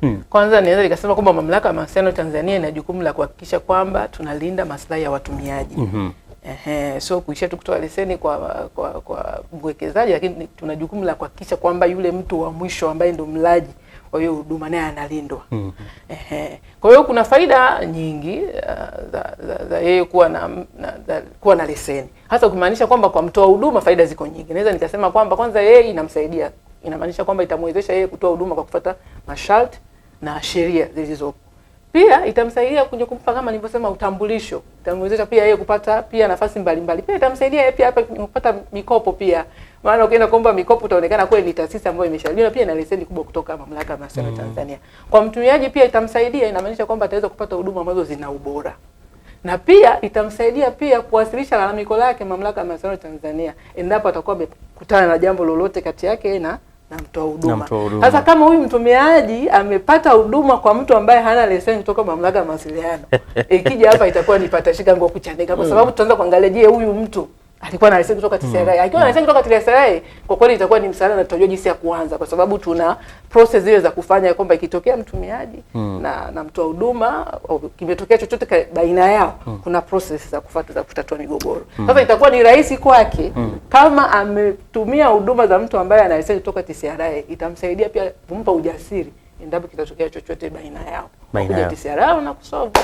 Hmm. Kwanza naweza nikasema kwamba Mamlaka ya Mawasiliano Tanzania ina jukumu la kuhakikisha kwamba tunalinda maslahi ya watumiaji. Mm-hmm. Ehe, so kuishia tu kutoa leseni kwa kwa, kwa mwekezaji, lakini tuna jukumu la kuhakikisha kwamba yule mtu wa mwisho ambaye ndo mlaji kwa hiyo huduma naye analindwa. Mm -hmm. Kwa hiyo kuna faida nyingi uh, za, za, za yeye kuwa na, na za, kuwa na leseni. Hasa ukimaanisha kwamba kwa mtoa huduma faida ziko nyingi. Naweza nikasema kwamba kwanza yeye inamsaidia. Inamaanisha kwamba itamwezesha yeye kutoa huduma kwa kufuata masharti na sheria zilizopo. Pia itamsaidia kuja kumpa kama nilivyosema utambulisho. Itamwezesha pia yeye kupata pia nafasi mbalimbali. Pia itamsaidia yeye pia hapa kupata mikopo pia. Maana ukienda kuomba mikopo utaonekana kweli ni taasisi ambayo imeshauriwa pia na leseni kubwa kutoka Mamlaka ya Mawasiliano mm. Tanzania. Kwa mtumiaji pia itamsaidia, inamaanisha kwamba ataweza kupata huduma ambazo zina ubora. Na pia itamsaidia pia kuwasilisha lalamiko lake Mamlaka ya Mawasiliano Tanzania endapo atakuwa amekutana na jambo lolote kati yake na na mtoa huduma. Sasa kama huyu mtumiaji amepata huduma kwa mtu ambaye hana leseni kutoka mamlaka ya mawasiliano, ikija hapa itakuwa ni patashika ngo kuchanika, kwa sababu tutaanza kuangalia, je, huyu mtu alikuwa na leseni kutoka TCRA. Mm. Akiwa na leseni kutoka TCRA kwa kweli itakuwa ni msaada na tutajua jinsi ya kuanza kwa sababu tuna process zile za kufanya kwamba ikitokea mtumiaji mm. na na mtoa huduma kimetokea chochote baina yao mm. kuna process za kufuata za kutatua migogoro. Sasa mm. itakuwa ni rahisi kwake mm. kama ametumia huduma za mtu ambaye ana leseni kutoka TCRA itamsaidia pia kumpa ujasiri endapo kitatokea chochote baina yao. Baina ya TCRA na kusolve.